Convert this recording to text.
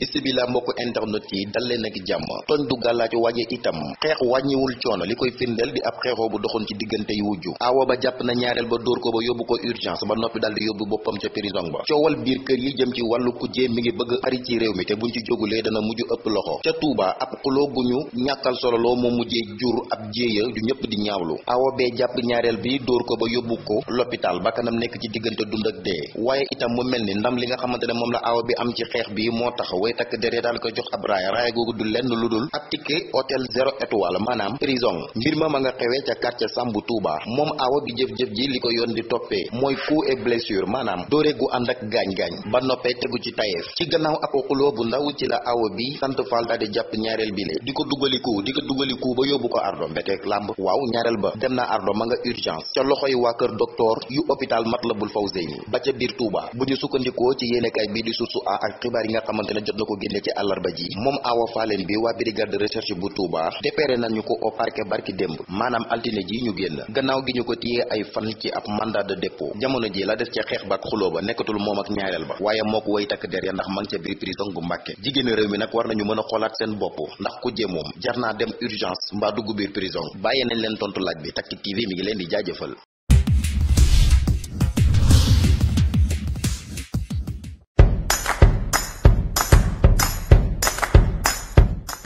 istibila mbokk internet yi dal leen ak jàmm tooñ du gàllaaj waaye itam xeex wàññiwul coono li koy firndeel di ab xeexoo bu doxoon ci diggante yu wujju aawa ba jàpp na ñaareel ba dóor ko ba yóbbu ko urgence ba noppi dal di yóbbu boppam ca prison ba coowal wàllu kujjee ngi bëgg bari ci réew mi te buñ ci jógulee dana mujj ëpp loxo ca Touba ab xuloo gu ñu ñàkkal sololoo moo mujjee jur ab jéeya ju ñëpp di ñaawlu aawa bee jàpp ñaareel bi dóor ko ba yóbbu ko l'hôpital bakkanam nekk ci diggante dund ak dee waaye itam mu mel ni ndam li nga xamante ne moom la aawa bi am ci xeex bi moo tax way takk dere daal koy jox ab raaya raaya googu du lenn lu dul ab ticket hôtel zéro étoile maanaam prison mbir ma ma nga xewee ca quartier Sambu Touba moom aawa bi jëf-jëf ji li ko yoon di toppee mooy coup et blessure maanaam doore gu ànd ak gaañ-gaañ ba noppee tegu ci tayeef ci gannaaw ab xuloo bu ndaw ci la aawa bi sant Fall daal di jàpp ñaareel bi le di ko dugaliku di ko dugaliku ba yóbbu ko ardo mbeteek làmb waaw ñaareel ba dem na ardo ma nga urgence ca loxoy waa kër docteur yu hôpital Matlaboul Fawzeyni bu ñu a la ko génne ci àllarba ji moom Awa Falen bi waa brigade de recherche bu Touba dépéré nañu ko au parquet barki démb maanaam altine ji ñu génn gannaaw gi ñu ko téye ay fan ci ab mandat de dépôt jamono ji la def ca xeex ba ak xuloo ba nekkatul moom ak ñaareel ba waaye moo ko way takk der ya ndax ma ngi ca biir prison bu Mbàkke jigéeni réew mi nag war nañu mën a xoolaat seen bopp ndax ku jee moom jar naa dem urgence mbaa dugg biir prison bàyyi nañ leen tontu laaj bi Tactic TV mi ngi leen di jaajëfal